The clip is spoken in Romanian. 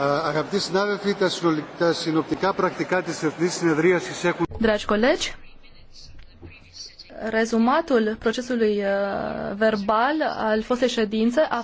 Αγαπητοί συνάδελφοι, τα συνοπτικά πρακτικά της Εθνής Συνεδρίασης έχουν... Dragi colegi, rezumatul procesului verbal al fostei ședințe a